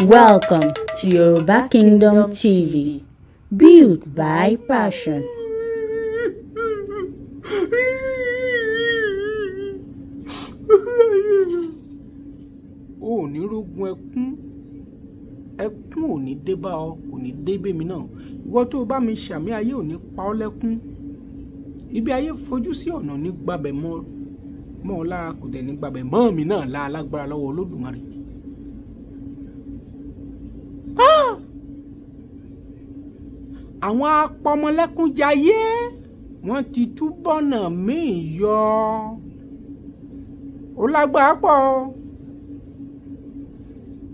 Welcome to Yoruba Kingdom TV, built by passion. Oh, ò ekun, ekun ẹkún, ẹkún ò ní dé bá ọ, kò ní dé bẹ́mi náà. mi ṣàmì ayé ò ní pa ọ́ lẹ́kún. Ibi ayé fojú sí ọ̀nà ní gbàbẹ̀ mọ́ ọ lára kò dẹ̀ ní gbàbẹ̀ mọ́ mi náà la alágbára lọ́wọ́ Olódùmarè. àwọn apọmọlẹ́kúnjayé wọ́n ti túbọ̀nà míì yọ ó lágbára pọ̀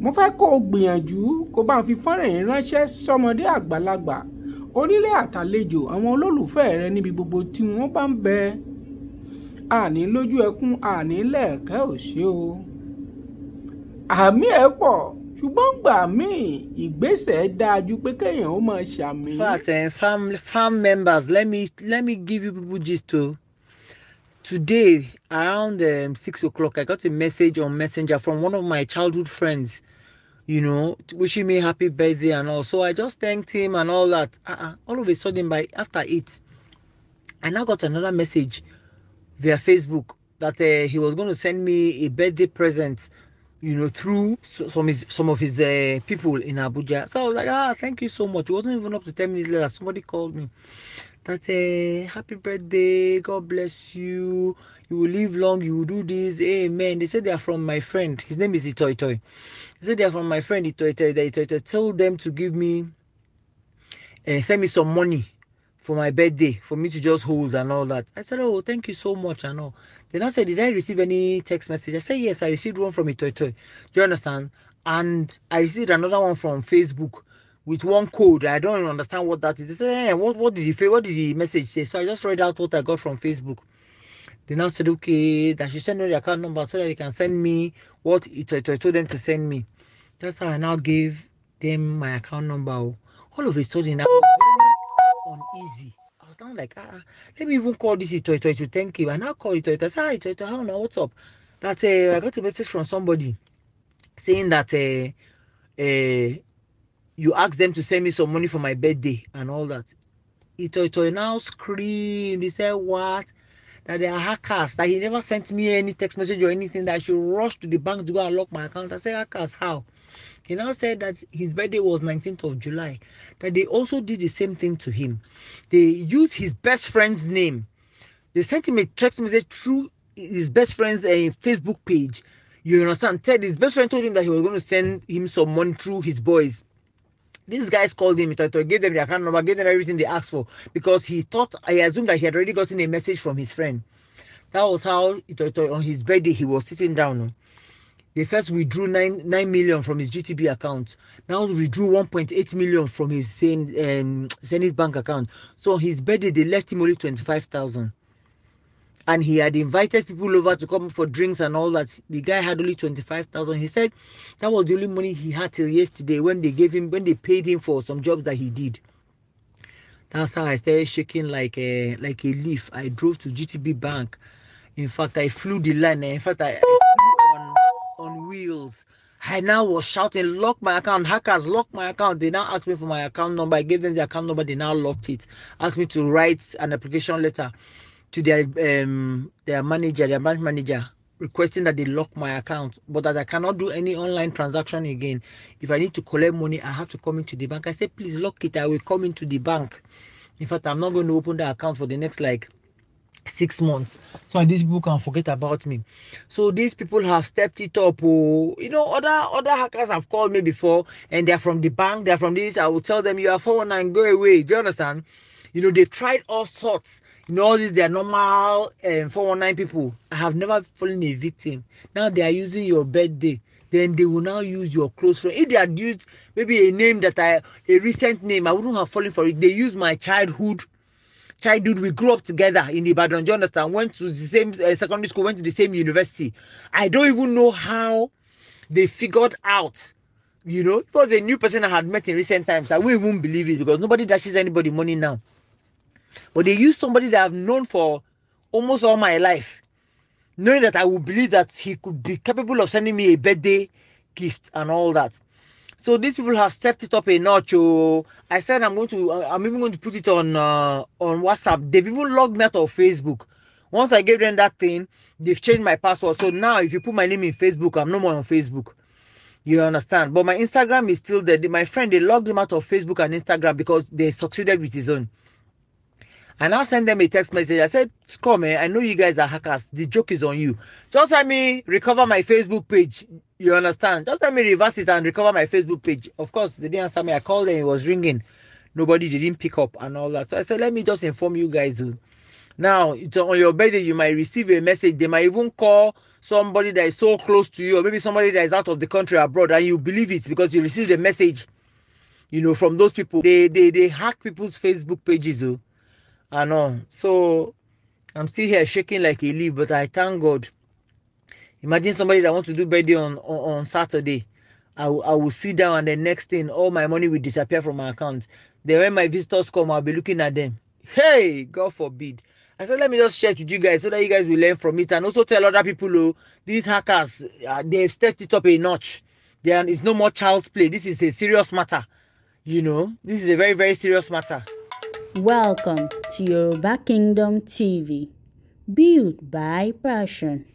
mo fẹ́ kó o gbìyànjú kó bá ń fi fọ́nrán yìí ránṣẹ́ sọmọdé àgbàlagbà onílé àtàlejò àwọn olólùfẹ́ rẹ níbi gbogbo tí wọ́n bá ń bẹ àní lójú ẹkún àní lẹ́ẹ̀kẹ́ òṣè àmì ẹ̀ pọ̀. ṣùgbọ́n gbà míì ìgbésẹ̀ dáa ju pé kéèyàn ó máa ṣàmì. in um, farm farm members let me let me give you people gist o. Oh. Today around um, six o'clock, I got a message on Messenger from one of my childhood friends, you know, wishing me happy birthday and all. So I just thanked him and all that. Uh-uh. All of a sudden, by after it, I now got another message via Facebook that uh, he was going to send me a birthday present you know, through some his, some of his uh, people in Abuja. So I was like, ah, thank you so much. It wasn't even up to 10 minutes later. Somebody called me that uh, happy birthday, God bless you. You will live long, you will do this, amen. They said they are from my friend. His name is Itoy Toy. They said they are from my friend Itoy Toy. Itoy Toy told them to give me, uh, send me some money for my birthday for me to just hold and all that. I said, Oh, thank you so much and all. Then I said, Did I receive any text message? I said, Yes, I received one from Itoy Toy. Do you understand? And I received another one from Facebook with one code. I don't understand what that is. They said, hey, eh, what, what did he what did the message say? So I just read out what I got from Facebook. They now said, okay, that she send me the account number so that they can send me what it, it, told them to send me. That's how I now gave them my account number. Oh. All of a sudden, I- uneasy. I was now like, ah, let me even call this Ito Ito to thank you. And I call Ito Ito. I said, ah, Ito Ito, how now? What's up? That uh, I got a message from somebody saying that uh, uh, you asked them to send me some money for my birthday and all that. Ito Ito now screamed. He said, what? That they are hackers. That he never sent me any text message or anything. That I should rush to the bank to go and lock my account. I said, hackers, how? He now said that his birthday was 19th of July, that they also did the same thing to him. They used his best friend's name. They sent him a text message through his best friend's uh, Facebook page. You understand? Ted, his best friend told him that he was going to send him some money through his boys. These guys called him, gave them the account number, gave them everything they asked for because he thought, I assumed that he had already gotten a message from his friend. That was how on his birthday he was sitting down. He first withdrew nine nine million from his GTB account. Now withdrew one point eight million from his same um, Zenith Bank account. So his birthday they left him only twenty five thousand, and he had invited people over to come for drinks and all that. The guy had only twenty five thousand. He said that was the only money he had till yesterday when they gave him when they paid him for some jobs that he did. That's how I started shaking like a like a leaf. I drove to GTB Bank. In fact, I flew the line. Eh, in fact, I, bills. I now was shouting, lock my account, hackers, lock my account. They now asked me for my account number. I gave them the account number, they now locked it. Asked me to write an application letter to their um, their manager, their branch manager, requesting that they lock my account, but that I cannot do any online transaction again. If I need to collect money, I have to come into the bank. I said, please lock it, I will come into the bank. In fact, I'm not going to open the account for the next like six months so these people can forget about me so these people have stepped it up oh you know other other hackers have called me before and they're from the bank they're from this i will tell them you are 419 go away do you understand you know they've tried all sorts you know all these they're normal um, 419 people i have never fallen a victim now they are using your birthday then they will now use your close friend. If they had used maybe a name that I, a recent name, I wouldn't have fallen for it. They use my childhood childhood. We grew up together in Ibadan. Do you understand? Went to the same uh, secondary school, went to the same university. I don't even know how they figured out. You know, it was a new person I had met in recent times. I wouldn't even believe it because nobody dashes anybody money now. But they used somebody that I've known for almost all my life, knowing that I would believe that he could be capable of sending me a birthday gift and all that. So these people have stepped it up a notch. Oh, I said I'm going to. Uh, I'm even going to put it on uh, on WhatsApp. They've even logged me out of Facebook. Once I gave them that thing, they've changed my password. So now, if you put my name in Facebook, I'm no more on Facebook. You understand? But my Instagram is still there. My friend, they logged him out of Facebook and Instagram because they succeeded with his own. And I sent them a text message. I said, Come, eh, here! I know you guys are hackers. The joke is on you. Just let me recover my Facebook page. You understand? Just let me reverse it and recover my Facebook page. Of course, they didn't answer me. I called them, it was ringing. Nobody they didn't pick up and all that. So I said, Let me just inform you guys. Oh. Now, it's on your birthday, you might receive a message. They might even call somebody that is so close to you, or maybe somebody that is out of the country abroad, and you believe it because you received a message, you know, from those people. They they, they hack people's Facebook pages. Oh. I know, So I'm still here shaking like a leaf, but I thank God. Imagine somebody that wants to do birthday on, on, on Saturday. I, I will sit down and the next thing, all my money will disappear from my account. Then when my visitors come, I'll be looking at them. Hey, God forbid. I said, let me just it with you guys so that you guys will learn from it and also tell other people, oh, these hackers, uh, they've stepped it up a notch. There is no more child's play. This is a serious matter. You know, this is a very, very serious matter. Welcome to Yoruba Kingdom TV, built by passion.